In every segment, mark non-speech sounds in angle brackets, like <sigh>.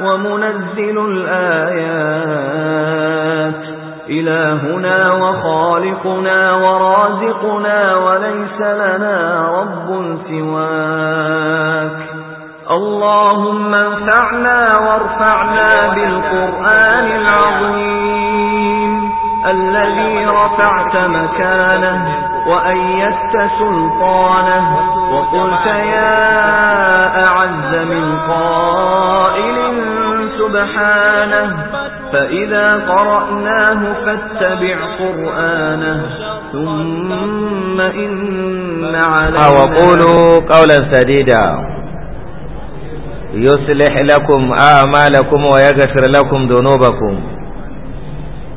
ومنزل الآيات إلهنا وخالقنا ورازقنا وليس لنا رب سواك اللهم انفعنا وارفعنا بالقرآن العظيم الذي رفعت مكانه وأيدت سلطانه وقلت يا أعز من قائل سبحانه فإذا قرأناه فاتبع قرآنه ثم إن علينا آه، وقولوا قولا سديدا يصلح لكم آمالكم ويغفر لكم ذنوبكم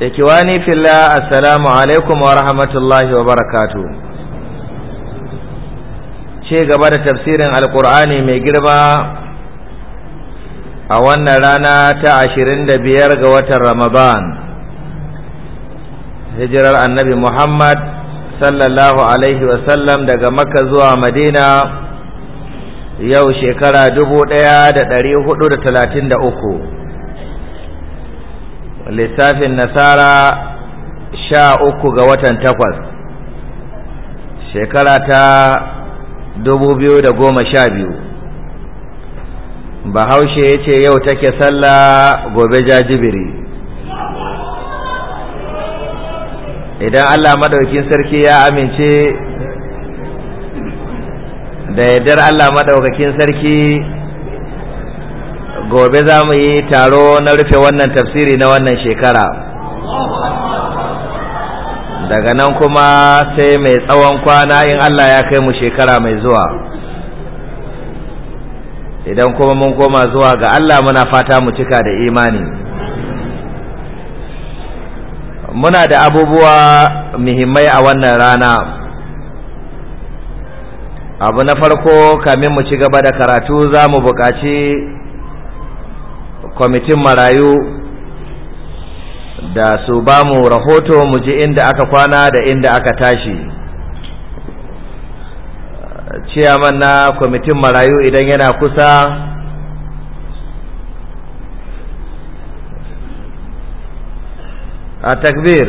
ikiwani filla assalamu alaikum wa rahmatullahi wa barakatu ce gaba da tafsirin alkur'ani mai girma a wannan rana ta ashirin da biyar ga watan ramadan hijirar annabi muhammad sallallahu alaihi sallam daga makka zuwa madina yau shekara dubu ɗaya da ɗari hudu da talatin da uku littafin nasara sha uku ga watan takwas shekara ta dubu biyu da goma sha biyu bahaushe ya ce yau take sallah gobe jajibiri idan allah maɗaukin sarki ya amince da yardar allah maɗaukakin sarki gobe za mu yi taro na rufe wannan tafsiri na wannan shekara daga nan kuma sai mai tsawon kwana in Allah ya kai mu shekara mai zuwa idan kuma mun koma zuwa ga Allah muna fata mu cika da imani muna da abubuwa muhimmai a wannan rana abu na farko kamin mu ci gaba da karatu za mu buƙaci kwamitin marayu da su ba mu rahoto mu ji inda aka kwana da inda aka tashi ciyaman na kwamitin marayu idan yana kusa a takbir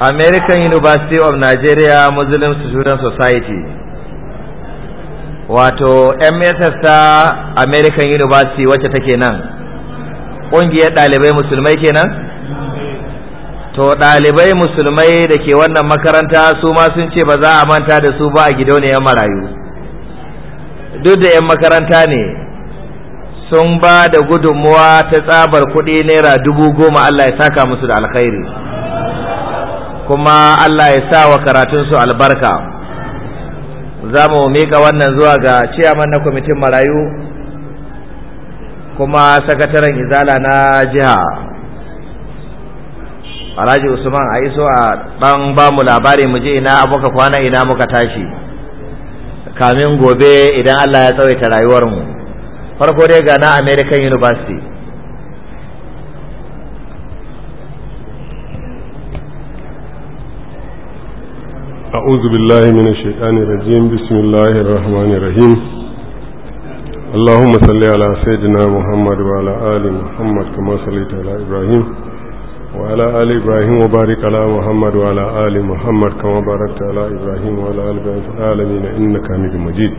american university of nigeria muslim student society wato mss ta american university wacce take nan ƙungiyar ɗalibai musulmai kenan to ɗalibai musulmai da ke wannan makaranta su ma sun ce ba za a manta da su ba a gidauniyar marayu duk da 'yan makaranta ne sun ba da gudunmuwa ta tsabar kuɗi naira dubu goma allah ya saka musu da alkhairi kuma allah ya sa wa karatunsu albarka za mu mika wannan zuwa ga ciyaman na kwamitin marayu kuma sakataren izala na jiha alhaji usman a iso a ɗan ba mu labari mu je ina muka kwana ina muka tashi kamin gobe idan allah ya tsawaita rayuwarmu farko dai ga na american university أعوذ بالله من الشيطان الرجيم بسم الله الرحمن الرحيم اللهم صل على سيدنا محمد وعلى آل محمد كما صليت على إبراهيم وعلى آل إبراهيم وبارك على محمد وعلى آل محمد كما باركت على إبراهيم وعلى آل إبراهيم في العالمين إنك حميد مجيد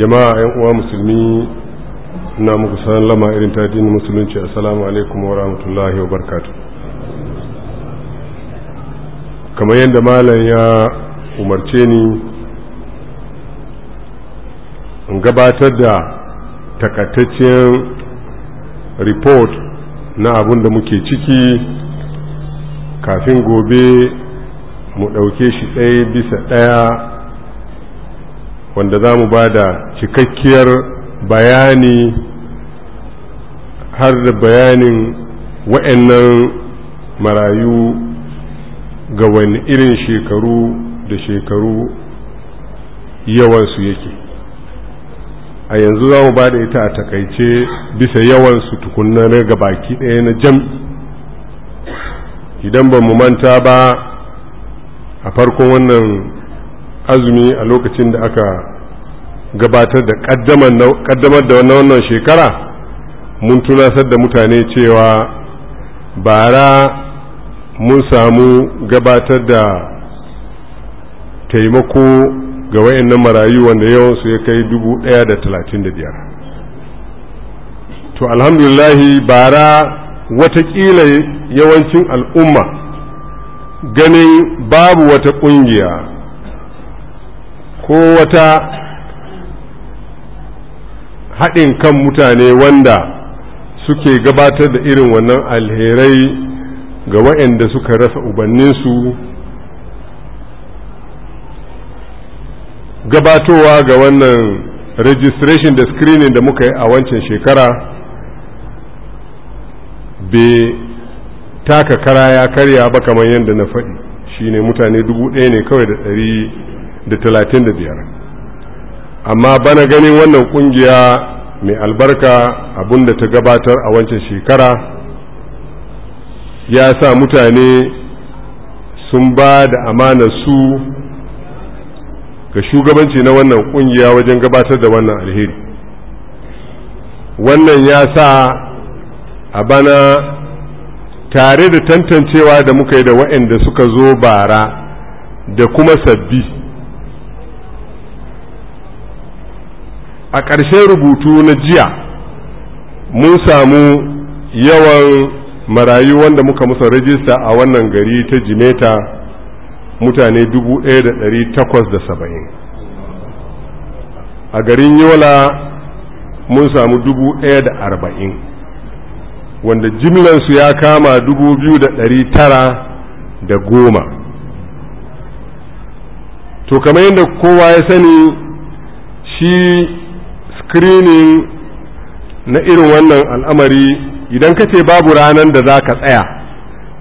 جماعة أيها مسلمي na لما إرنتاجين lama السلام عليكم ورحمة الله وبركاته kamar yadda malam ya umarce ni in gabatar da takataccen report na abun da muke ciki kafin gobe mu ɗauke shi ɗaya bisa ɗaya wanda za mu ba da cikakkiyar bayani har da bayanin wa'annan marayu ga wani irin shekaru da shekaru yawansu yake a yanzu za mu ba da ita a takaice bisa yawansu tukunan na baki ɗaya na jam'i idan ba mu manta ba a farkon wannan azumi a lokacin da aka gabatar da ƙaddamar da wannan shekara mun tunasar da mutane cewa bara mun samu gabatar da taimako ga wayannan marayu wanda yawansu ya kai dubu ɗaya da talatin da biyar to alhamdulillahi bara watakila yawancin al'umma ganin babu wata ƙungiya ko wata haɗin kan mutane wanda suke gabatar da irin wannan alherai ga waɗanda suka rasa ubanninsu gabatowa ga wannan registration da screening da muka yi a wancan shekara bai taka kara ya karya ba kamar yadda na faɗi shi ne mutane dubu ɗaya ne kawai da ɗari da talatin da biyar amma bana ganin wannan ƙungiya mai albarka abinda ta gabatar a wancan shekara ya sa mutane sun ba da amanar su ga shugabanci na wannan kungiya wajen gabatar da wannan alheri wannan ya sa a bana tare da tantancewa da muka yi da waɗanda suka zo bara da kuma sabbi a ƙarshen rubutu na jiya mun samu yawan marayu wanda muka musa rajista a wannan gari ta jimeta mutane 1870 a garin yola mun samu 1040 wanda jimlansu ya kama da goma, to kamar yadda kowa ya sani shi screening na irin wannan al'amari idan ka ce babu ranar da za ka tsaya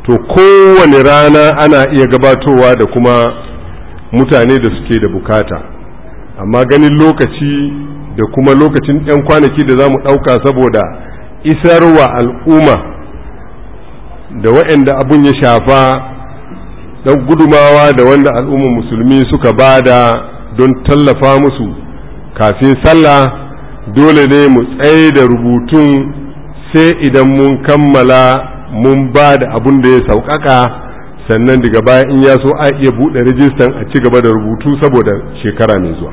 to kowane rana ana iya gabatowa da kuma mutane da suke da bukata amma ganin lokaci da kuma lokacin 'yan kwanaki da za mu ɗauka saboda isarwa al'umma da waɗanda abun ya shafa ɗan gudumawa da wanda al'ummar musulmi suka ba da don tallafa musu kafin sallah dole ne mu tsaye da rubutun sai idan mun kammala mun ba da abin da ya sauƙaƙa sannan daga baya in ya so a iya buɗe rijistan a ci gaba da rubutu saboda shekara mai zuwa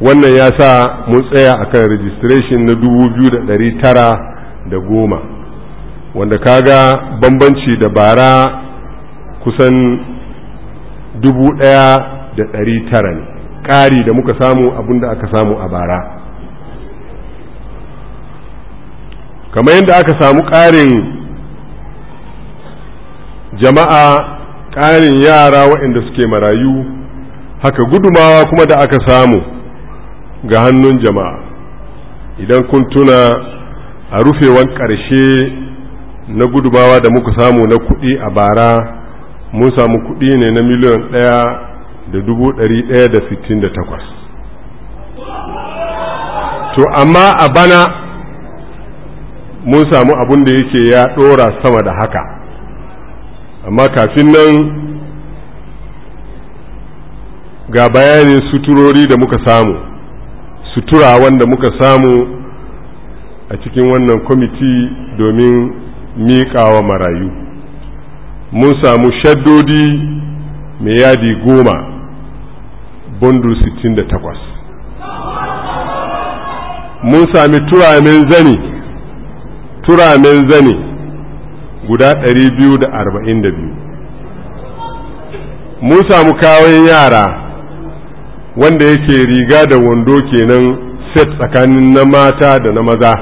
wannan ya sa mun tsaya a kan registration na goma wanda kaga bambanci da bara kusan dubu ɗaya da tara ne ƙari da muka samu abin da aka samu a bara kamar yadda aka samu ƙarin jama'a ƙarin yara waɗanda suke marayu haka gudumawa kuma da aka samu ga hannun jama'a idan kun tuna a rufewan ƙarshe na gudumawa da muka samu na kuɗi a bara mun samu kuɗi ne na miliyan ɗaya da dubu ɗari ɗaya da sittin da takwas to amma a bana mun samu abin da yake ya ɗora sama da haka amma kafin nan ga bayanin suturori da muka samu sutura wanda muka samu a cikin wannan kwamiti domin miƙawa marayu mun samu shaddodi mai yadi goma bundle 68 mun sami turamen zani Turamen zane guda 242 mun samu kawai yara wanda yake riga da wando kenan set tsakanin na mata da na maza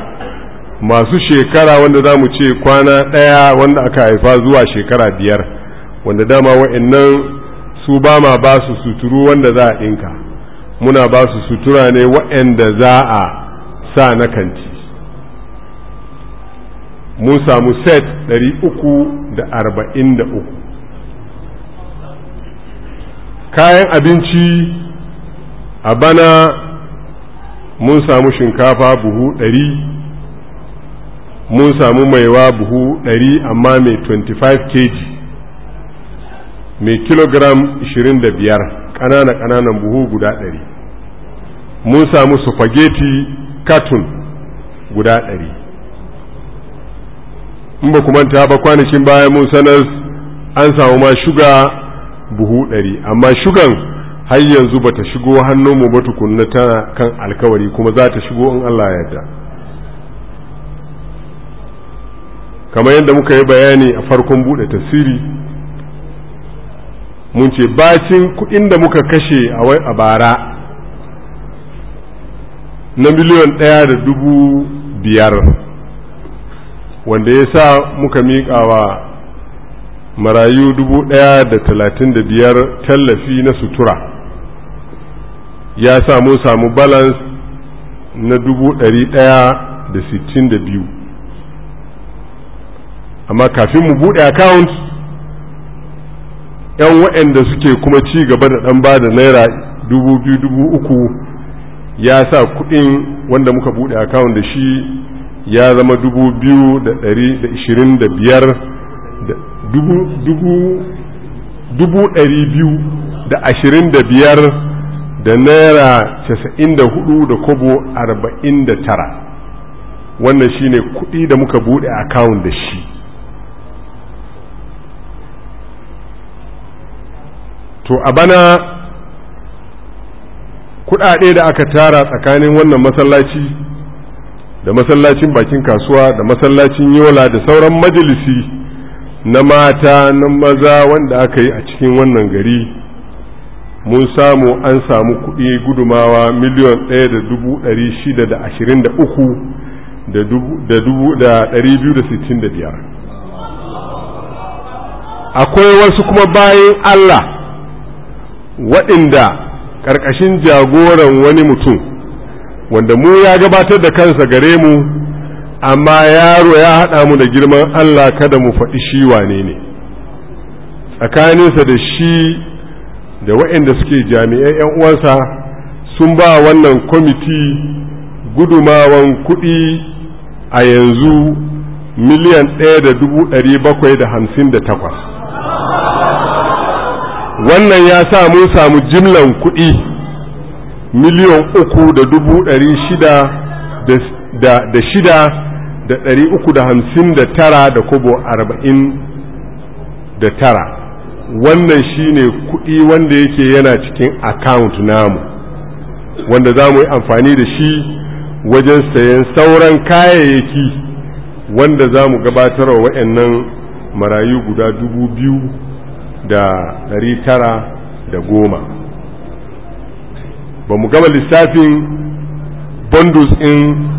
masu shekara wanda za mu ce kwana ɗaya wanda aka haifa zuwa shekara biyar wanda dama wa'annan su ba ma ba su suturu wanda za a ɗinka muna ba su sutura ne wa'anda za a sa na kanti mu samu set 343 kayan abinci a bana mun samu shinkafa buhu 100 mun samu maiwa buhu 100 amma mai 25 kg mai kilogram 25 ƙanana-ƙananan buhu guda 100 mun samu spaghetti katun guda ɗari in ba ku manta ba kwanakin baya mun sanar an samu ma shuga buhu ɗari amma shugan har yanzu ba ta shigo hannunmu ba tukunna tana kan alkawari kuma za ta shigo in Allah ya yarda kamar yadda muka yi bayani a farkon buɗe tasiri mun ce bacin kuɗin da muka kashe a bara na miliyan ɗaya da dubu biyar wanda ya sa muka miƙa wa marayu dubu ɗaya da talatin da biyar tallafi na sutura ya sa mun samu balans na dubu ɗari ɗaya da sittin da biyu amma kafin mu buɗe account yan waɗanda suke kuma ci gaba da ɗan ba da naira dubu biyu dubu uku ya sa kuɗin wanda muka buɗe account da shi ya zama dubu biyu da ɗari da ishirin da biyar da dubu ɗari biyu da ashirin da biyar da naira casa'in da hudu da kobo arba'in da tara wannan shi ne kuɗi da muka buɗe akawun da shi to a bana kuɗaɗe da aka tara tsakanin wannan masallaci da masallacin bakin kasuwa da masallacin yola da sauran majalisi na mata na maza wanda aka yi a cikin wannan gari mun samu an samu kuɗi gudumawa miliyon ɗaya da dubu ɗari shida da ashirin da uku da dubu da ɗari biyu da sittin da biyar akwai wasu kuma bayan allah waɗanda ƙarƙashin jagoran wani mutum wanda mu ya gabatar da kansa gare mu amma yaro ya haɗa mu da girman Allah kada mu faɗi shi wane ne tsakaninsa da shi da waɗanda suke jami'ai 'yan uwansa sun ba wannan kwamiti gudumawan kuɗi a yanzu miliyan ɗaya da dubu ɗari bakwai da hamsin da takwas wannan ya sa mun samu jimlan kuɗi miliyan uku da dubu ɗari shida da shida da ɗari uku da hamsin da tara da kobo arba'in da tara wannan shi ne kuɗi wanda yake yana cikin account namu wanda za mu yi amfani da shi wajen sayan sauran kayayyaki wanda za mu gabatar wa waɗannan marayu guda dubu biyu da ɗari tara da goma ba mu gama lissafin bundles in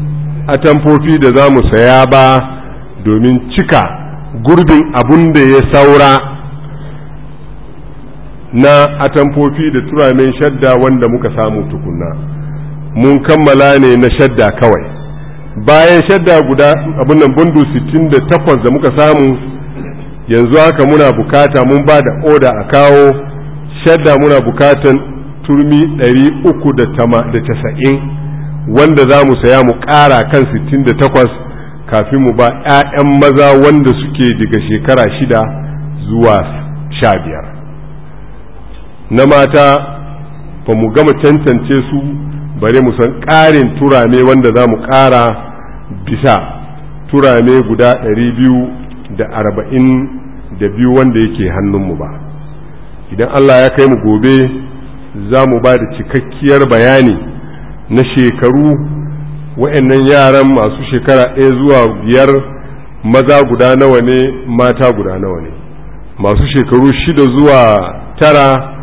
atamfofi da za mu saya ba domin cika gurbin abun da ya saura na atamfofi da turamin shadda wanda muka samu tukunna mun kammala ne na shadda kawai bayan shadda guda abin bundu 68 da muka samu yanzu haka muna bukata mun ba da oda a kawo shadda muna bukatan turmi 390 wanda za mu saya mu ƙara kan 68 kafin mu ba 'ya'yan maza wanda suke daga shekara shida zuwa sha biyar na mata ba mu gama cancance su bare mu san ƙarin turame wanda za mu ƙara bisa turame guda da da arba'in biyu wanda yake hannunmu ba idan Allah ya kai mu gobe za mu ba da cikakkiyar bayani na shekaru wa'annan yaran masu shekara ɗaya zuwa biyar maza guda nawa ne mata guda nawa ne masu shekaru shida zuwa tara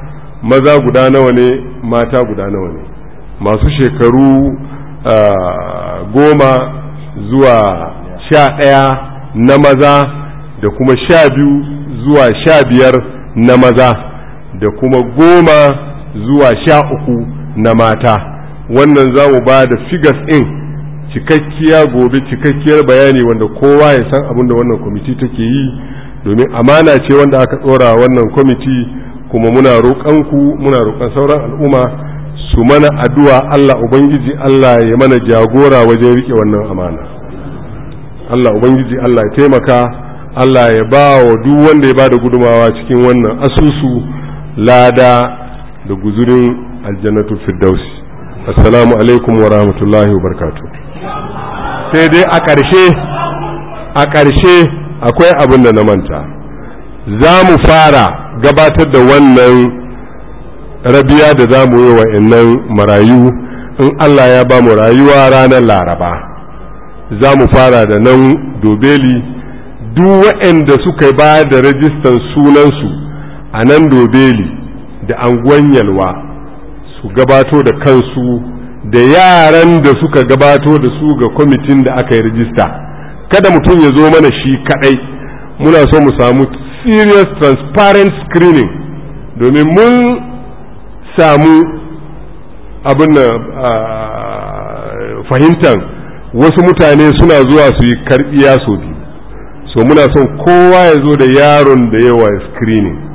maza guda nawa ne mata guda nawa ne masu shekaru goma zuwa sha ɗaya na maza da kuma sha biyu zuwa sha biyar na maza da kuma goma zuwa sha uku na mata wannan za mu ba da figures in cikakkiya gobe cikakkiyar bayani wanda kowa ya san abin da wannan kwamiti take yi domin amana ce wanda aka tsora wannan kwamiti kuma muna roƙanku muna roƙan sauran al'umma su mana addu'a Allah Ubangiji Allah ya mana jagora wajen rike wannan amana Allah Ubangiji Allah ya taimaka Allah ya ba wa duk wanda ya ba da gudumawa cikin wannan asusu lada da guzurin aljannatu firdausi assalamu alaikum wa rahmatullahi wa barkatu sai dai a ƙarshe a ƙarshe akwai abin da na manta za mu fara gabatar da wannan rabiya da za mu yi wa innan marayu in Allah ya ba mu rayuwa ranar laraba za mu fara da nan dobeli duk da suka ba da rajistan sunansu a nan dobeli da anguwan yalwa su gabato da kansu da yaran da suka gabato da su ga kwamitin da aka yi rijista kada mutum ya zo mana shi kadai muna so mu samu serious transparent screening domin mun samu abin fahimtar wasu mutane suna zuwa su yi karbiya so biyu so muna son kowa ya zo da yaron da yawa screening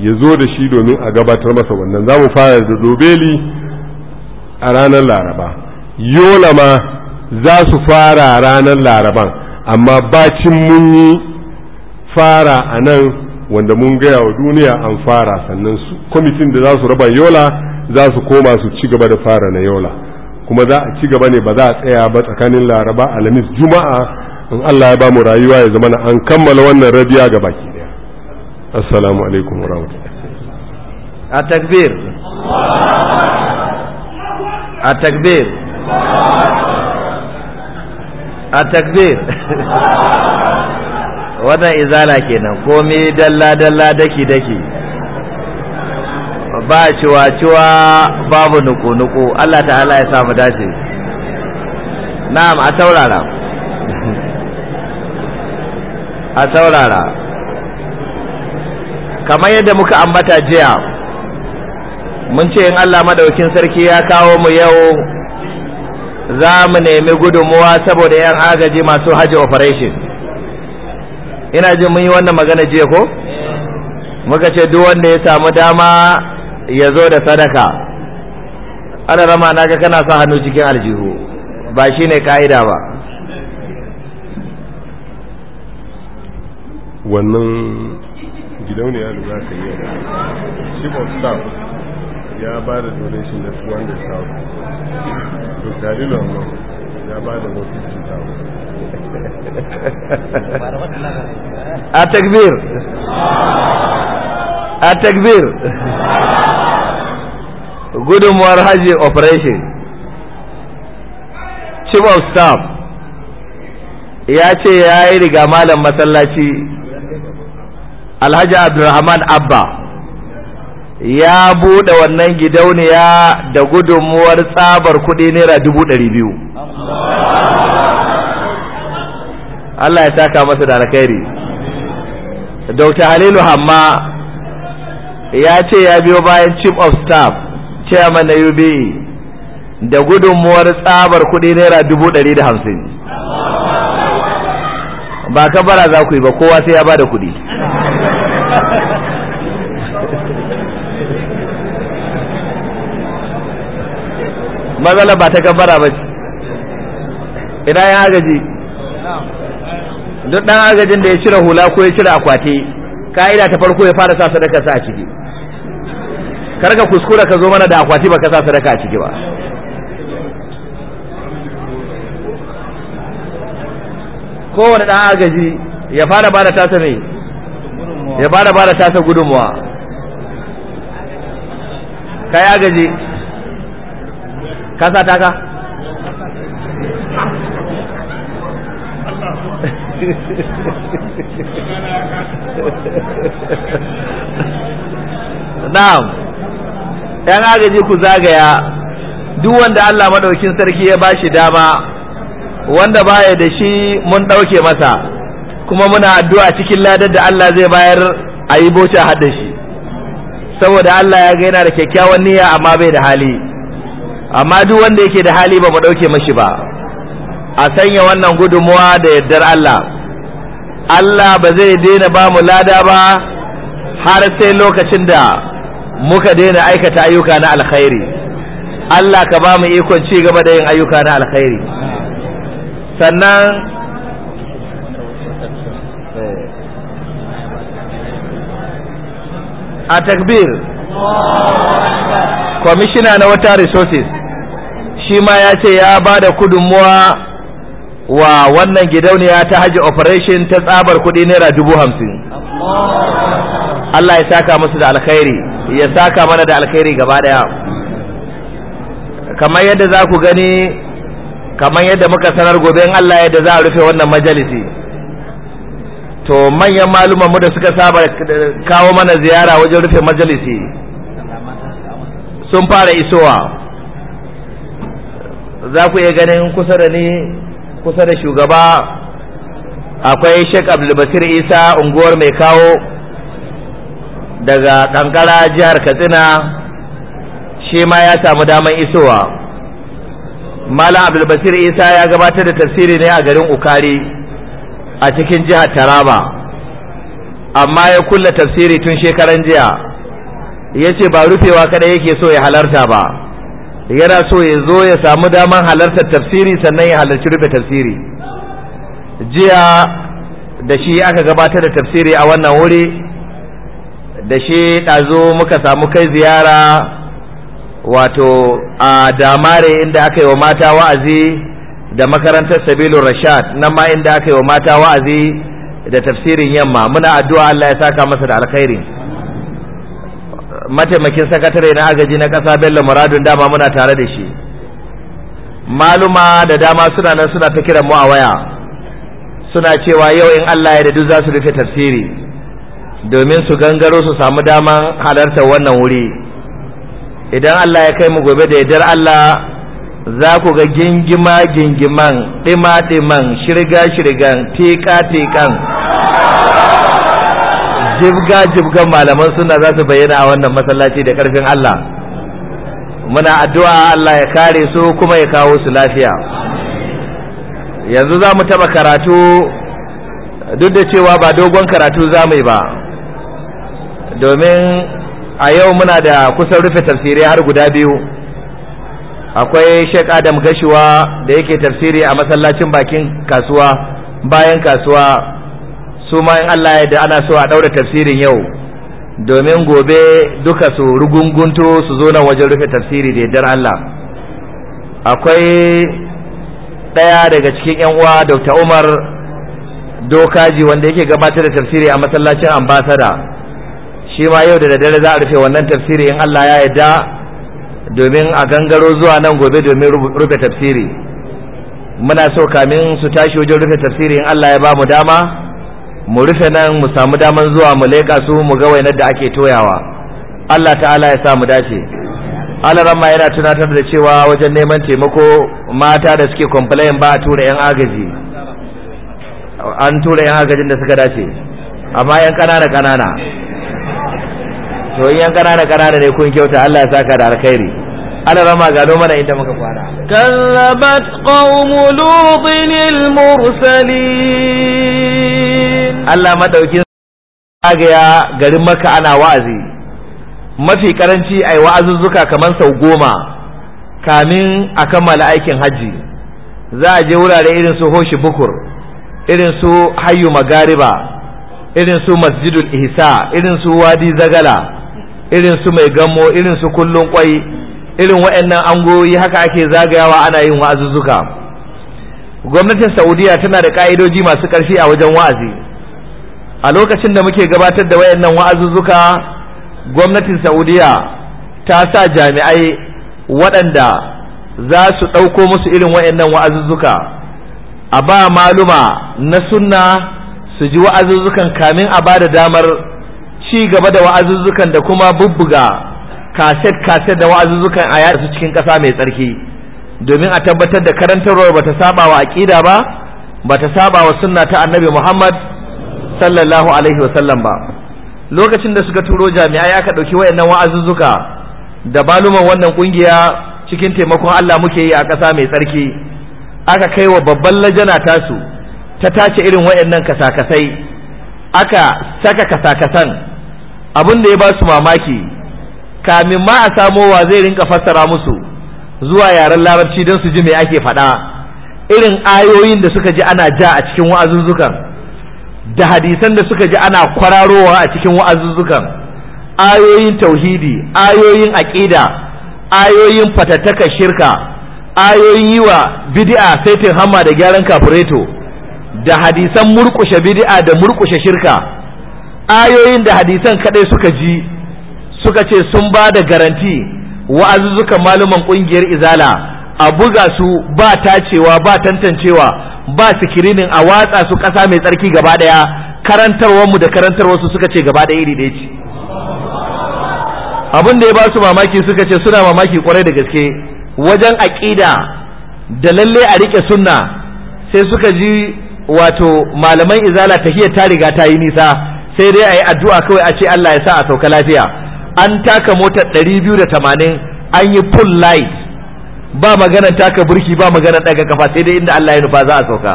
ya zo da shi domin a gabatar masa wannan za mu fara da dobeli a ranar laraba yola ma za su fara ranar laraban amma bacin mun yi fara a nan wanda mun gaya wa duniya an fara sannan kwamitin da za su raba yola za su koma su ci gaba da fara na yola kuma za a ci gaba ne ba za a tsaya ba tsakanin laraba alhamis juma'a in allah ya ba mu rayuwa ya zama na an kammala wannan rabiya ga baki assalamu alaikum wa rahmatullahi a takbir a takbir a takbir wannan izala kenan Ko me dalla-dalla daki-daki ba ciwa-ciwa babu nuku-nuku Allah ta'ala ya samu dace na'am a taurara. a taurara. kamar yadda muka ambata jiya mun ce in Allah madaukin sarki ya kawo mu yau za mu nemi gudunmuwa saboda 'yan agaji masu hajji operation ina jin mun yi wannan magana jiya ko muka ce duk wanda ya samu dama ya zo da sadaka ana rama na ga kana sa hannu cikin aljihu ba shi ne ka'ida ba wannan gidauniya da za ka yi chief of staff ya ba da donation na 200,000 to gari lomar ya ba da 150,000 a takbir a takbir gudunmuwar hajji operation chief of staff ya ce ya yi riga malam masallaci alhaji abdulrahman abba ya buɗe wannan gidauniya da gudunmuwar tsabar kuɗi naira dubu ɗari biyu allah ya taka masa da alkhairi dr halilu hamma ya ce ya biyo bayan chief of staff chairman na ube da gudunmuwar tsabar kuɗi naira dubu ɗari da hamsin ba ka bara za ku yi ba kowa sai ya ba da kuɗi Mazala ba ta gabara ba ce ina ya agaji duk ɗan agajin da ya cire hula ko ya cire akwati ka'ida ta farko ya fara sa sadaka sa a ciki kar ka kuskura ka zo mana da akwati ba ka sa sadaka a ciki ba kowane ɗan agaji ya fara bada tasa ne. ya bada bada tasa gudunmuwa ka yi agaji ka sa ka <laughs> na'am yan agaji ku zagaya duk wanda Allah madaukin sarki ya bashi dama wanda baya da shi mun ɗauke masa kuma muna addu'a cikin ladar da Allah zai bayar a yi boce haɗin shi saboda Allah ya ga yana da kyakkyawan niyya amma bai da hali amma duk wanda yake da hali ba mu ɗauke mashi ba a sanya wannan gudunmuwa da yardar Allah Allah ba zai daina ba mu lada ba har sai lokacin da muka daina aikata ayyuka na alkhairi Allah ka ba mu ikon ci gaba da yin ayyuka na alkhairi sannan a takbir kwamishina na water resources shi ma ya ce ya ba da muwa wa wannan gidauniya ta hajji operation ta tsabar kuɗi naira dubu hamsin Allah ya saka musu da alkhairi ya saka mana da alkhairi gaba daya kamar yadda za ku gani kamar yadda muka sanar gobe in Allah yadda za a rufe wannan majalisi to manyan maluman mu da suka saba kawo mana ziyara wajen rufe majalisi sun fara isowa za ku iya ganin kusa da ni kusa da shugaba akwai sheik abdulbasir isa unguwar mai kawo daga kankara jihar katsina shi ma ya samu daman isowa malam abdulbasir isa ya gabatar da tafsiri ne a garin ukari a cikin jihar Taraba amma ya kulla tafsiri tun shekaran jiya yace ba rufewa kada yake so ya halarta ba yana so ya zo ya samu daman halartar tafsiri sannan ya halarci rufe tafsiri jiya da shi aka gabatar da tafsiri a wannan wuri da shi ɗazo muka samu kai ziyara wato a damare inda aka yi wa mata wa'azi da makarantar sabilun rashad nan ma inda aka yi wa mata wa'azi da tafsirin yamma muna addu'a Allah ya saka masa da alkhairi mataimakin sakatare na agaji na ƙasa bello muradun dama muna tare da shi maluma da dama suna nan suna ta kiran mu a waya suna cewa yau in Allah ya da duk za su rufe tafsiri domin su gangaro su samu daman halartar wannan wuri idan Allah ya kai mu gobe da yardar Allah za ku ga gingima gingiman ɗima-ɗiman shirga-shirgan teka-tekan jibga-jibgan malaman suna za su bayyana a wannan masallaci da ƙarfin Allah muna addu'a Allah ya kare su kuma ya kawo su lafiya yanzu za mu taɓa karatu duk da cewa ba dogon karatu za mu yi ba domin a yau muna da kusan rufe tafsirai har guda biyu akwai Sheikh Adam Gashuwa da yake tafsiri a masallacin bakin kasuwa bayan kasuwa su ma in Allah ya da ana so a daura tafsirin yau domin gobe duka su rugungunto su zo nan wajen rufe tafsiri da yardar Allah akwai ɗaya daga cikin yan uwa Dr. Umar Dokaji wanda yake gabatar da tafsiri a masallacin ambasada shi ma yau da daddare za a rufe wannan tafsiri in Allah ya yarda domin a gangaro zuwa nan gobe domin rufe tafsiri muna so kamin su tashi wajen rufe tafsiri in Allah ya ba mu dama mu rufe nan mu samu daman zuwa mu leƙa su mu ga wainar da ake toyawa Allah ta'ala ya sa mu dace alarama yana tunatar da cewa wajen neman taimako mata da suke complain ba a tura 'yan agaji an tura 'yan agajin da suka dace amma 'yan ƙanana ƙanana to in yan karara karara ne kun kyauta Allah ya saka da alkhairi ana rama gado mana inda muka fara. Kallabat qaumu lutin mursalin Allah madaukin ya garin maka ana wa'azi mafi karanci ai wa'azuzzuka kamar sau goma kamin a kammala aikin hajji za a je wurare irin su hoshi bukur irin su hayyu magariba irin su masjidul ihsa irin su wadi zagala irin su mai gamo irin su kullun kwai irin waɗannan angoyi haka ake zagayawa ana yin wa'azuzzuka gwamnatin saudiya tana da ka'idoji masu ƙarfi a wajen wa'azi a lokacin da muke gabatar da waɗannan wa'azuzzuka gwamnatin saudiya ta sa jami'ai waɗanda za su ɗauko musu irin waɗannan wa'azuzzuka a ba maluma na sunna su ji wa'azuzzukan kamin a ba da damar ci gaba da wa'azuzzukan da kuma bubbuga kaset kaset da wa'azuzzukan a yada su cikin ƙasa mai tsarki domin a tabbatar da karantarwar bata saba wa aqida ba bata saba wa sunna ta annabi Muhammad sallallahu alaihi wa sallam ba lokacin da suka turo jami'ai aka dauki wayannan wa'azuzzuka da baluman wannan kungiya cikin taimakon Allah muke yi a ƙasa mai tsarki aka kai wa babban lajana tasu ta tace irin wayannan kasakasai aka saka kasakasan abin da ya ba su mamaki kamin ma a samo wa zai rinka fassara musu zuwa yaren larabci don su ji me ake faɗa irin ayoyin da suka ji ana ja a cikin wa'azuzzukan da hadisan da suka ji ana kwararowa a cikin wa'azuzzukan ayoyin tauhidi ayoyin aƙida ayoyin fatattaka shirka ayoyin yi wa bidi'a saitin hamma da gyaran kafureto da hadisan murƙushe bidi'a da murƙushe shirka ayoyin da hadisan kadai suka ji suka ce sun ba da garanti wa'azuzzukan maluman kungiyar izala a buga su ba tacewa ba tantancewa ba sikirinin a watsa su kasa mai tsarki gaba daya karantarwarmu da karantarwarsu suka ce gaba daya iri daya ce abin da ya ba su mamaki suka ce suna mamaki kwarai da gaske wajen aƙida da lalle a rike sunna sai suka ji wato malaman izala ta ta riga ta yi nisa sai dai a yi addu'a kawai a ce Allah ya sa a sauka lafiya an taka motar ɗari biyu da tamanin an yi full light ba maganar taka burki ba maganar ɗaga kafa sai dai inda Allah ya nufa za a sauka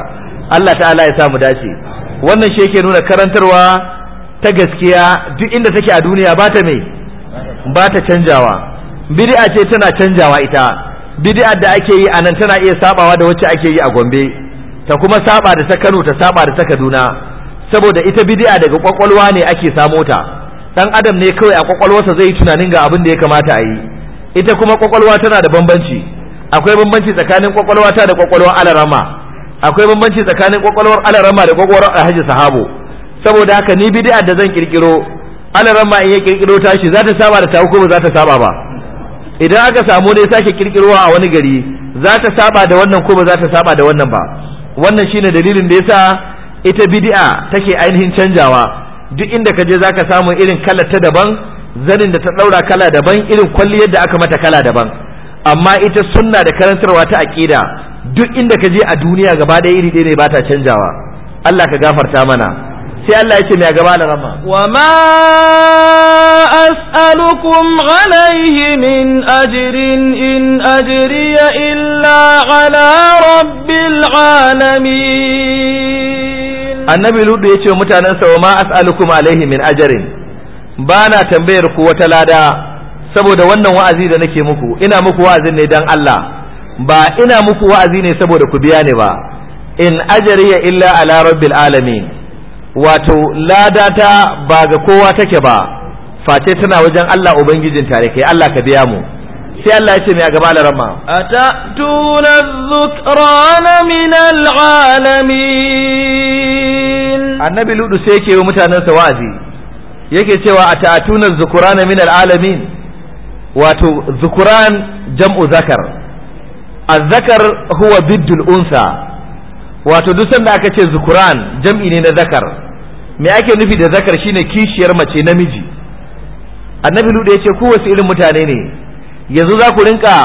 Allah ta'ala ya sa mu dace wannan shi yake nuna karantarwa ta gaskiya duk inda take a duniya ba ta me ba ta canjawa bid'a ce tana canjawa ita bid'a da ake yi a nan tana iya sabawa da wacce ake yi a Gombe ta kuma saba da ta Kano ta saba da ta Kaduna saboda ita bid'a daga kwakwalwa ne ake samo ta dan adam ne kawai a kwakwalwarsa zai yi tunanin ga abin da ya kamata a yi ita kuma kwakwalwa tana da bambanci akwai bambanci tsakanin kwakwalwa ta da kwakwalwar alarama akwai bambanci tsakanin kwakwalwar alarama da kwakwalwar alhaji sahabo saboda haka ni bid'a da zan kirkiro alarama in ya kirkiro tashi za ta saba da ta ko ba za ta saba ba idan aka samu ne sake kirkirowa a wani gari za ta saba da wannan ko ba za ta saba da wannan ba wannan shine dalilin da yasa ita bid'a take ainihin canjawa duk inda ka je zaka samu irin kalar ta daban zanin da ta daura kala daban irin kwalliyar da aka mata kala daban amma ita sunna da karantarwa ta aqida duk inda ka je a duniya gaba ɗaya iri ɗaya ne ba ta canjawa Allah ka gafarta mana sai Allah ya ce mai gaba da rama wa ma as'alukum alayhi min ajrin in ajriya illa ala rabbil alamin annabi ludu ya ce wa mutanensa wa ma as'alukum alaihi min ajarin ba na tambayar ku wata lada saboda wannan wa'azi da nake muku ina muku wa'azin ne dan Allah ba ina muku wa'azi ne saboda ku biya ni ba in ya illa ala rabbil alamin wato lada ta ba ga kowa take ba face tana wajen Allah ubangijin tare kai Allah ka biya mu sai Allah ya ce mai a gaba da rama atatuna dhukrana min alalamin annabi ludu sai yake yi mutanensa wa'azi yake cewa a ta'atuna zukuran min alalamin wato zukuran jam'u zakar azzakar huwa biddul unsa wato duk sanda aka ce zukuran jam'i ne na zakar me ake nufi da zakar shine kishiyar mace namiji annabi ludu yace ku wasu irin mutane ne yanzu za ku rinka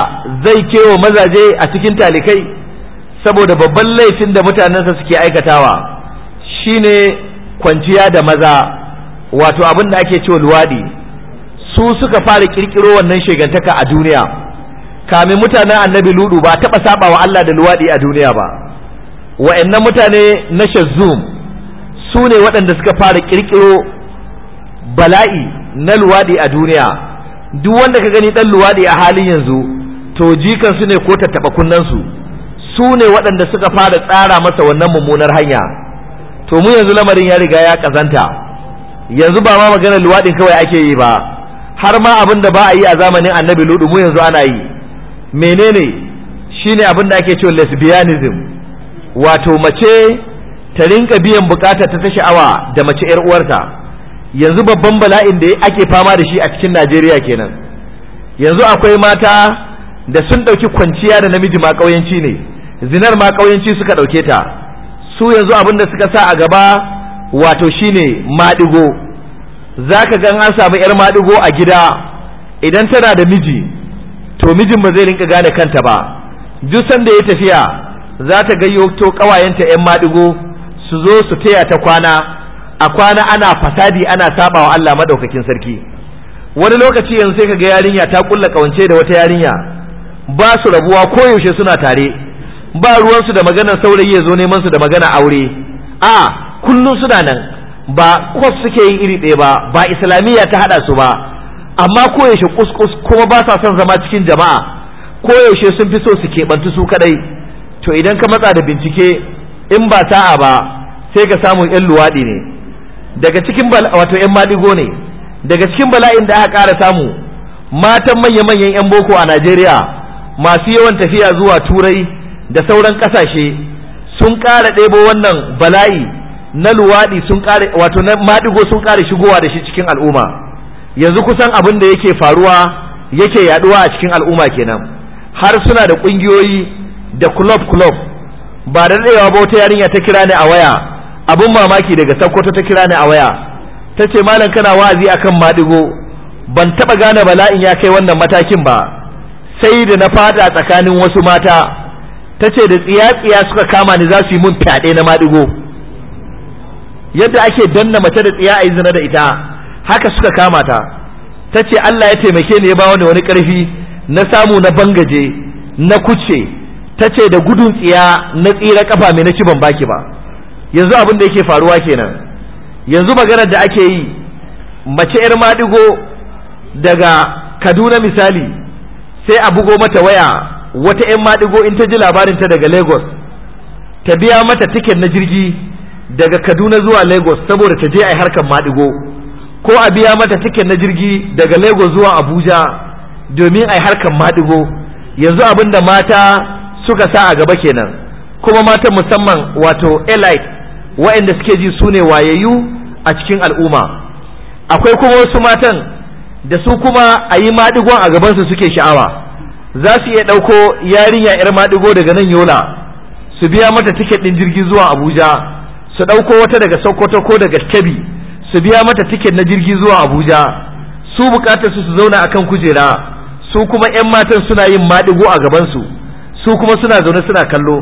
zai kewo mazaje a cikin talikai saboda babban laifin da mutanensa suke aikatawa shine kwanciya da maza wato abin da ake cewa luwadi su suka fara kirkiro wannan shegantaka a duniya kamin mutanen annabi ludu ba taɓa saba wa Allah da luwadi a duniya ba wa'annan mutane na shazzum su ne waɗanda suka fara kirkiro bala'i na luwadi a duniya duk wanda ka gani dan luwadi a halin yanzu to jikan su ne ko tattaɓa kunnensu su ne waɗanda suka fara tsara masa wannan mummunar hanya to mu yanzu lamarin ya riga ya kazanta yanzu ba ma maganar luwaɗin kawai ake yi ba har ma abin da ba a yi a zamanin annabi ludu mu yanzu ana yi menene shine abin da ake cewa lesbianism wato mace ta rinka biyan bukatar ta ta sha'awa da mace yar uwarta yanzu babban bala'in da ake fama da shi a cikin Najeriya kenan yanzu akwai mata da sun ɗauki kwanciya da namiji ma ƙauyenci ne zinar ma ƙauyenci suka ɗauke ta su yanzu abin da suka sa a gaba wato shine maɗigo za ka gan an samu 'yar maɗigo a gida idan tana da miji to mijin ba zai rinka gane kanta ba duk sanda ya tafiya za ta to ƙawayenta 'yan maɗigo su zo su taya ta kwana a kwana ana fasadi ana saba wa Allah madaukakin sarki wani lokaci yanzu sai ka ga yarinya ta kulla kawance da wata yarinya ba su rabuwa koyaushe suna tare ba ruwansu da maganar saurayi ya zo neman su da magana aure a kullum suna nan ba kwas suke yin iri ɗaya ba ba islamiyya ta haɗa su ba amma koyaushe kuskus kuma ba sa son zama cikin jama'a koyaushe sun fi so su keɓantu su kaɗai to idan ka matsa da bincike in ba sa'a ba sai ka samu yan luwaɗi ne daga cikin wato yan maɗigo ne daga cikin bala'in da aka ƙara samu matan manya-manyan yan boko a najeriya masu yawan tafiya zuwa turai da sauran kasashe sun ƙara ɗebo wannan bala'i na luwaɗi sun ƙara wato na maɗigo sun ƙara shigowa da shi cikin al'umma yanzu kusan abin da yake faruwa yake yaɗuwa a cikin al'umma kenan har suna da ƙungiyoyi da club club ba da daɗewa ba wata yarinya ta kira ni a waya abin mamaki daga sakkwato ta kira ni a waya ta ce malam kana wa'azi akan maɗigo ban taɓa gane bala'in ya kai wannan matakin ba sai da na fada tsakanin wasu mata ta ce da tsiyatsiya suka kama ni za su yi mun fyaɗe na maɗigo yadda ake danna mace da tsiya a yi zina da ita haka suka kama ta ta ce Allah ya taimake ni ya bawa ni wani ƙarfi na samu na bangaje na kuce ta ce da gudun tsiya na tsira kafa mai na ci ban baki ba yanzu abin da yake faruwa kenan yanzu maganar da ake yi mace 'yar maɗigo daga kaduna misali sai a bugo mata waya wata 'yan maɗigo in ta ji labarin ta daga lagos ta biya mata tiket na jirgi daga kaduna zuwa lagos saboda ta je a yi harkar maɗigo ko a biya mata tiket na jirgi daga lagos zuwa abuja domin a yi harkar maɗigo yanzu abin da mata suka sa a gaba kenan kuma matan musamman wato elite waɗanda suke ji sune wayayyu a cikin al'umma akwai kuma wasu matan da su kuma a yi maɗigon a gabansu suke sha'awa za su iya ɗauko yarinya yar maɗigo daga nan yola su biya mata tiket ɗin jirgi zuwa abuja su ɗauko wata daga sokoto ko daga kebbi su biya mata tiket na jirgi zuwa abuja su bukatar su su zauna akan kujera su kuma ƴan matan suna yin maɗigo a gabansu su kuma suna zaune suna kallo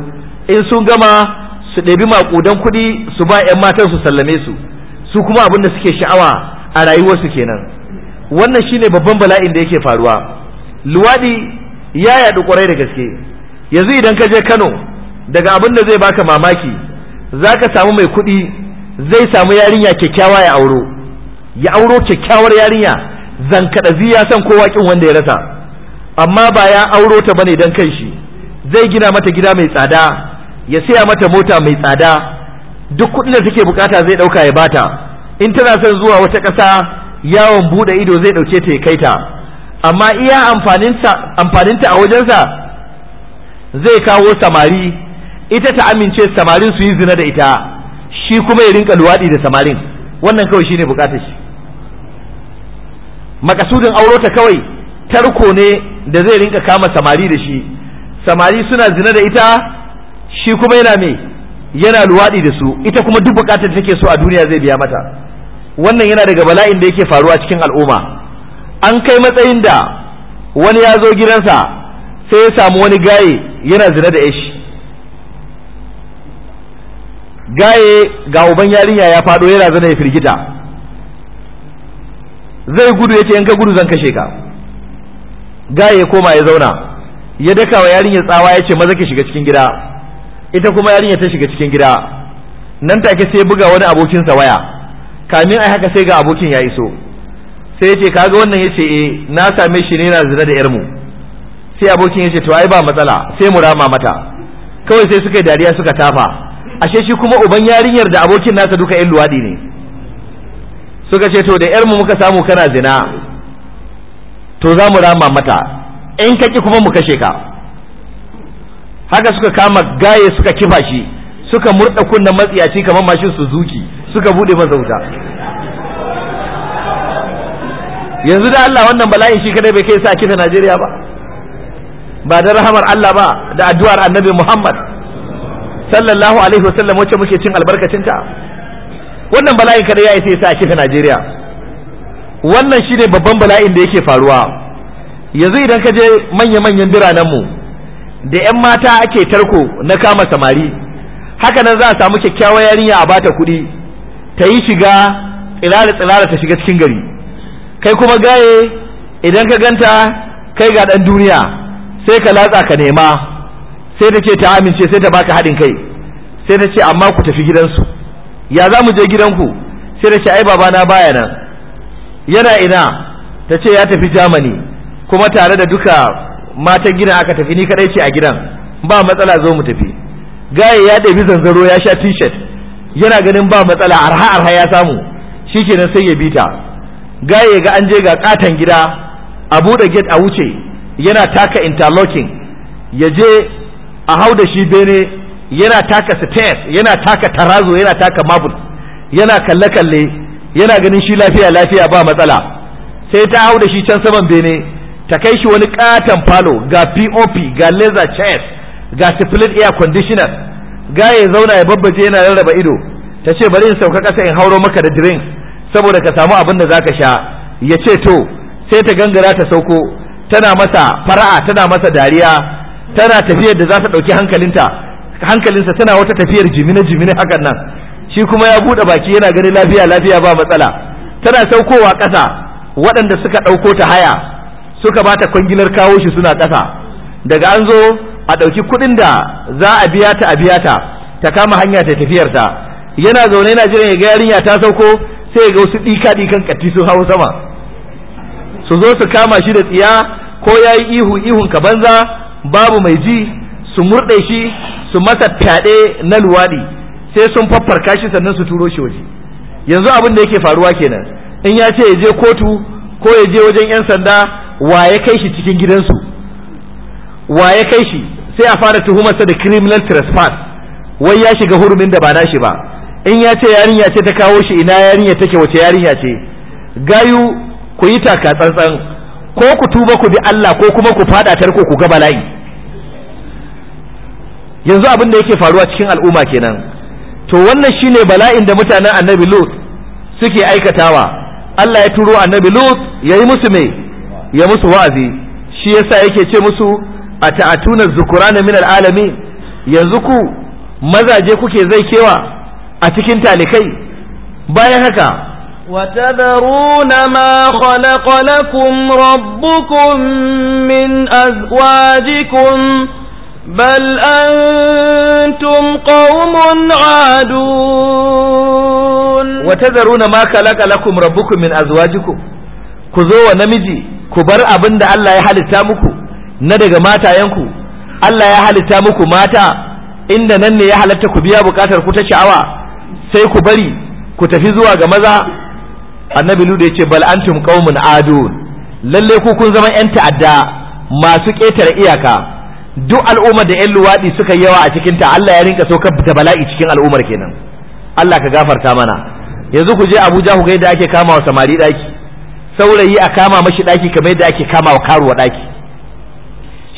in sun gama su ɗebi maƙudan kuɗi su ba ƴan matan su sallame su su kuma abin da suke sha'awa a rayuwarsu kenan wannan shine babban bala'in da yake faruwa luwaɗi ya yaɗu kwarai da gaske yanzu idan ka je Kano daga abin da zai baka mamaki za ka samu mai kuɗi zai samu yarinya kyakkyawa ya auro ya auro kyakkyawar yarinya zankaɗazi ya san kowa kin wanda ya rasa amma ba ya auro ta bane dan kan shi zai gina mata gida mai tsada ya saya mata mota mai tsada duk kuɗin da take bukata zai ɗauka ya bata in tana son zuwa wata ƙasa yawon buɗe ido zai ɗauke ta ya kai ta amma iya amfaninta a wajensa zai kawo samari ita ta amince samarin su yi zina da ita shi kuma ya rinka luwaɗi da samarin wannan kawai shine bukatar shi makasudin auro kawai tarko ne da zai rinka kama samari da shi samari suna zina da ita shi kuma yana me yana luwaɗi da su ita kuma duk bukatar da take so a duniya zai biya mata wannan yana daga bala'in da yake faruwa cikin al'umma an kai matsayin da wani ya zo gidansa sai ya samu wani gaye yana zina da ishi gaye ga uban yarinya ya faɗo yana zina ya firgita zai gudu yake in ka gudu zan kashe ka gaye koma ya zauna ya daka wa yarinya tsawa ya ce maza ki shiga cikin gida ita kuma yarinya ta shiga cikin gida nan take sai buga wani abokinsa waya kamin ai haka sai ga abokin ya iso sai ya ce kaga wannan ya ce eh, na same shi ne na zina da yarmu sai abokin ya ce to ai ba matsala sai mu rama mata kawai sai suka yi dariya suka tafa ashe shi kuma uban yarinyar da abokin nasa duka yan luwaɗi ne suka ce to da yarmu muka samu kana zina to za mu rama mata in kaki kuma mu kashe ka haka suka kama gaye suka kifa shi suka murɗa kunnen matsiyaci kamar mashin suzuki suka buɗe masa wuta yanzu da Allah wannan bala'in shi kadai bai kai sa kita Najeriya ba ba da rahamar Allah ba da addu'ar Annabi Muhammad sallallahu alaihi wasallam wacce muke cin albarkacin ta wannan bala'in kadai ya sai sa kita Najeriya wannan shine babban bala'in da yake faruwa yanzu idan ka je manya-manyan biranen mu da 'yan mata ake tarko na kama samari haka nan za a samu kyakkyawar yarinya a bata kuɗi ta yi shiga tsirara-tsirara ta shiga cikin gari kai kuma gaye idan ka ganta kai ga ɗan duniya sai ka latsa ka nema sai ta ce ta amince sai ta baka haɗin kai sai ta ce amma ku tafi gidansu ya za mu je gidanku sai ta ce ai baba na baya nan yana ina ta ce ya tafi Jamani kuma tare da duka matan gidan aka tafi ni kadai ce a gidan ba matsala zo mu tafi gaye ya ɗabi zanzaro ya sha t-shirt yana ganin ba matsala arha arha ya samu shi shikenan sai ya bi ta gaye ga an je ga katon gida a buɗe gate a wuce yana taka interlocking ya je a hau da shi bene yana taka stairs yana taka tarazo yana taka mabul yana kalle kalle yana ganin shi lafiya lafiya ba matsala sai ta hau da shi can saman bene ta kai shi wani katon falo ga pop ga laser chairs ga split air conditioner gaye zauna ya babbaje yana rarraba ido ta ce bari in sauka ƙasa in hauro maka da drinks saboda ka samu abin da zaka sha ya ce to sai ta gangara ta sauko tana masa fara'a tana masa dariya tana tafiyar da za ta ɗauki hankalinta hankalinsa tana wata tafiyar jimine jimine hakan nan shi kuma ya buɗe baki yana ganin lafiya lafiya ba matsala tana saukowa ƙasa waɗanda suka ɗauko ta haya suka ba ta kwangilar kawo shi suna ƙasa daga an zo a ɗauki kuɗin da za a biya ta a biya ta ta kama hanya ta tafiyarta yana zaune yana jiran ya ga yarinya ta sauko sai ga wasu ɗika dikan katti su hau sama su zo su kama shi da tsiya ko ya yi ihu ihun ka banza babu mai ji su murɗe shi su masa fyaɗe na luwaɗi sai sun faffarka shi sannan su turo shi waje yanzu abin da yake faruwa kenan in ya ce ya je kotu ko ya je wajen 'yan sanda wa ya kai shi cikin gidansu wa ya kai shi sai a fara tuhumarsa da criminal trespass wai ya shiga hurumin da ba nashi ba in ya ce yarinya ce ta kawo shi ina yarinya take wace yarinya ce gayu ku yi taka tsantsan ko ku tuba ku bi Allah ko kuma ku fada tarko ku ga bala'i yanzu abin da yake faruwa cikin al'umma kenan to wannan shine bala'in da mutanen annabi Lut suke aikatawa Allah ya turo annabi Lut yayi musu me ya musu wa'azi shi yasa yake ce musu a ata'atuna zukurana min al'alami yanzu ku mazaje kuke zai kewa a cikin talikai bayan haka وتذرون ما خلق لكم ربكم من أزواجكم بل أنتم قوم عادون وتذرون ما خلق لكم ربكم من أزواجكم كذو ونمجي كبر أبند الله يحل تامكو ندق ماتا ينكو الله يحل تامكو ماتا إن نني يحل تكبيا بكاتر كتشعوا sai ku bari ku tafi zuwa ga maza annabi lude yace bal antum qaumun adun lalle ku kun zama yan ta'adda masu ƙetare iyaka duk al'ummar da yan luwaɗi suka yawa a cikin ta Allah ya rinka saukar da bala'i cikin al'ummar kenan Allah ka gafarta mana yanzu ku je Abuja ku ga yadda ake kama wa samari daki saurayi a kama mashi daki kamar yadda ake kama wa karuwa daki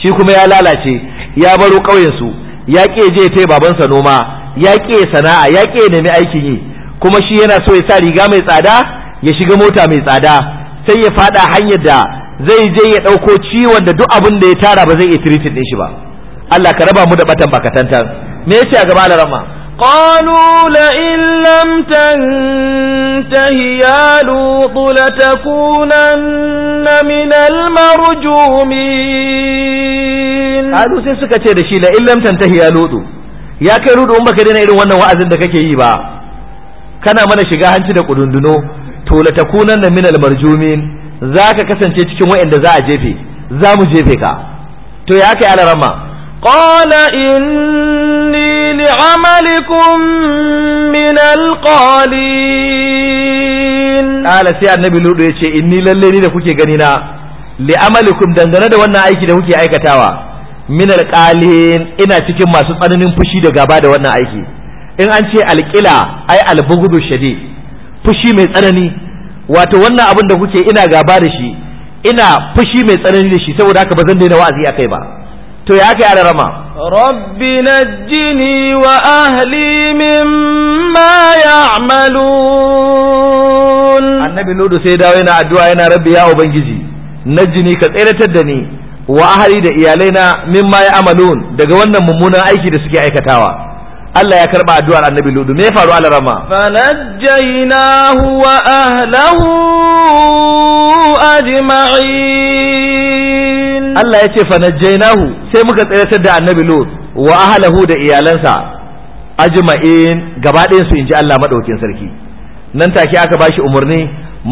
shi kuma ya lalace ya baro ƙauyensu ya ƙi je ta babansa noma ya ƙi sana'a ya ƙi nemi aikin yi kuma shi yana so ya sa riga mai tsada ya shiga mota mai tsada sai ya fada hanyar da zai je ya ɗauko ciwon da duk abin da ya tara ba zai iya tiritin ɗin shi ba Allah ka raba mu da batan bakatantan me yace a gaba alarama قالوا لئن لم تنته يا لوط لتكونن من المرجومين قالوا sai suka ce da shi la in lam tantahi ya kai rudu in baka daina irin wannan wa'azin da kake yi ba kana mana shiga hanci da kudunduno to la takunanna min al marjumin zaka kasance cikin wa'anda za a jefe za mu jefe ka to ya kai alarama qala inni li'amalikum min alqalin ala sai annabi ludo yace inni lalle ni da kuke gani na li'amalikum dangane da wannan aiki da kuke aikatawa min alqalin ina cikin masu tsananin fushi da gaba da wannan aiki in an ce alqila ai albughdu shadi fushi mai tsanani wato wannan abin da kuke ina gaba da shi ina fushi mai tsanani da shi saboda haka ba zan daina wa'azi akai ba to ya kai ala rama rabbi najjini wa ahli mimma ya'malun annabi ludu sai dawo yana addu'a yana rabbi ya ubangiji najjini ka tsiratar da ni wa ahli da iyalaina mimma ya amalun daga wannan mummunan aiki da suke aikatawa Allah ya karba addu'ar annabi Ludu me ya faru a larama fanajjaynahu wa ahlahu ajma'in Allah ya ce fanajjaynahu sai muka tsayar da annabi Ludu wa ahlahu da iyalansa ajma'in gaba ɗayan su inji Allah madaukin sarki nan take aka bashi umarni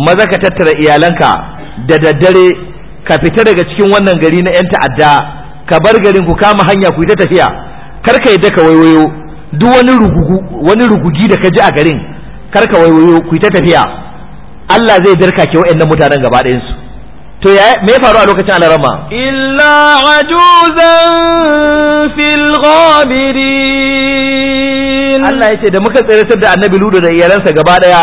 maza ka tattara iyalanka da daddare ka fita daga cikin wannan gari na yan ta'adda ka bar garin ku kama hanya ku ta tafiya kar ka yadda ka waiwayo duk wani rugugu wani rugugi da ka ji a garin kar ka waiwayo ku ta tafiya Allah zai darka ki wa'annan mutanen gaba ɗayan su to ya me ya faru a lokacin alarama illa ajuzan fil ghabirin Allah yace da muka tsere da annabi ludo da iyalansa gaba ɗaya,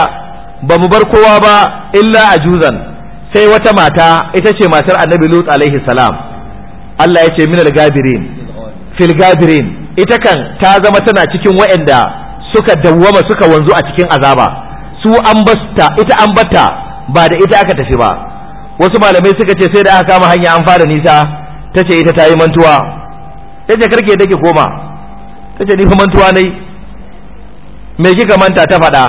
ba mu bar kowa ba illa ajuzan sai wata mata ita ce matar annabi lut alaihi salam Allah ya ce minal gabirin fil gabirin ita kan ta zama tana cikin waɗanda suka dawwama suka wanzu a cikin azaba su an basta ita an bata ba da ita aka tafi ba wasu malamai suka ce sai da aka kama hanya an fara nisa ta ce ita ta yi mantuwa ta ce karke take koma ta ce ni fa mantuwa ne me kika manta ta faɗa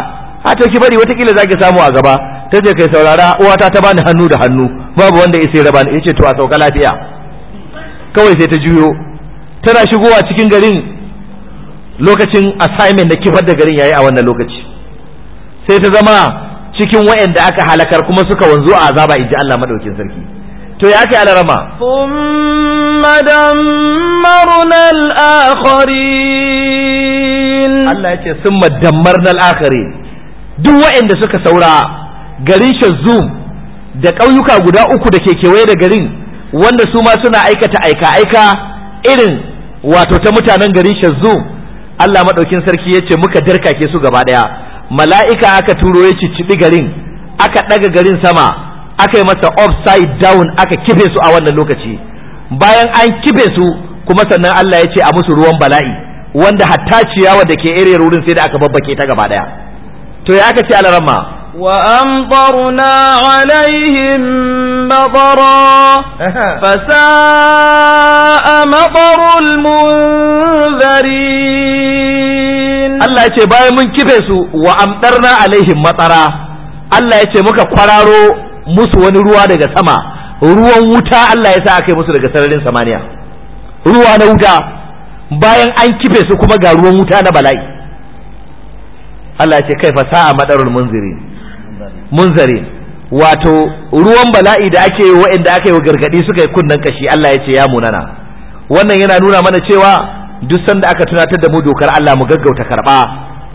a to ki bari watakila zaki samu a gaba ta je kai saurara uwata ta bani hannu da hannu babu wanda ya sai raba ni yace to a sauka lafiya kawai sai ta juyo tana shigowa cikin garin lokacin assignment da kifar da garin yayi a wannan lokaci sai ta zama cikin wayanda aka halakar kuma suka wanzu a azaba inji Allah madaukin sarki to ya kai alarama thumma dammarna al-akharin Allah yake thumma dammarna al-akharin duk wayanda suka saura garin Shazum da ƙauyuka guda uku da ke kewaye da garin wanda su ma suna aikata aika-aika irin wato ta mutanen garin Shazum Allah maɗaukin sarki ya ce muka darkake su gaba ɗaya mala'ika aka turo ya cicciɓi garin aka ɗaga garin sama aka yi masa upside down aka kife su a wannan lokaci bayan an kibe su kuma sannan Allah ya ce a musu ruwan bala'i wanda hatta ciyawa da ke ere wurin sai da aka babbake ta gaba daya to ya aka ce alaramma وأمطرنا عليهم مطرا فساء مطر المنذرين الله يتي باي من كفسو وأمطرنا عليهم مطرا الله يتي مكا قرارو musu wani ruwa daga sama ruwan wuta Allah ya sa aka yi musu daga sararin samaniya ruwa na wuta bayan an kife su kuma ga ruwan wuta na bala'i Allah ya ce kai fa sa'a madarul munzirin munzari wato ruwan bala'i da ake yi wa'inda aka yi gargadi suka yi kunnen kashi Allah ya ce ya munana wannan yana nuna mana cewa duk sanda aka tunatar da mu dokar Allah mu gaggauta karba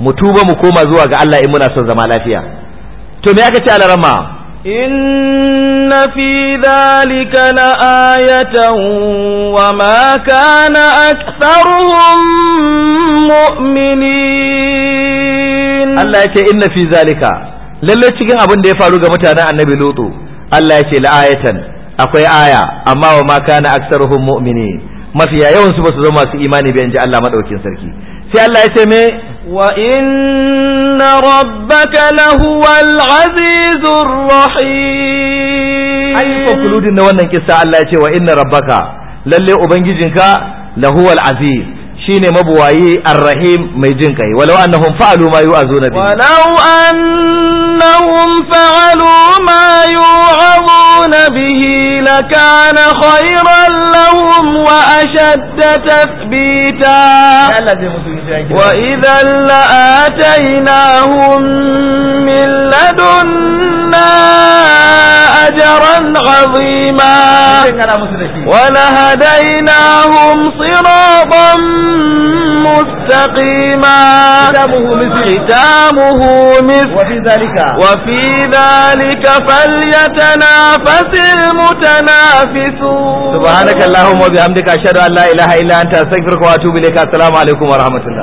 mu tuba mu koma zuwa ga Allah in muna son zama lafiya to me aka ce alarama إن في ذلك لآية وما كان أكثرهم مؤمنين الله يكي إن في ذلك Lallai cikin abin da ya faru ga mutanen annabi lutu Allah ya ce la'ayatan akwai aya amma wa ma kana aksaruhum mu'mini mafiya yawan su basu zama masu imani bai ji Allah madaukin sarki sai Allah ya ce me wa inna rabbaka lahuwal azizur rahim ai konkludin na wannan kissa Allah ya ce wa inna rabbaka lalle ubangijinka lahuwal aziz shine mabuwayi arrahim mai jin kai walau annahum fa'alu ma yu'azuna bi walau annahum fa'alu ma yu'azuna bihi lakana khayran lahum wa ashadd tathbita wa idhan la'ataynahum min ladunna ajran 'azima wa lahadaynahum siratan مستقيما ختامه مثل وفي ذلك, وفي ذلك فليتنافس المتنافسون سبحانك اللهم وبحمدك أشهد أن لا إله إلا أنت أستغفرك وأتوب إليك السلام عليكم ورحمة الله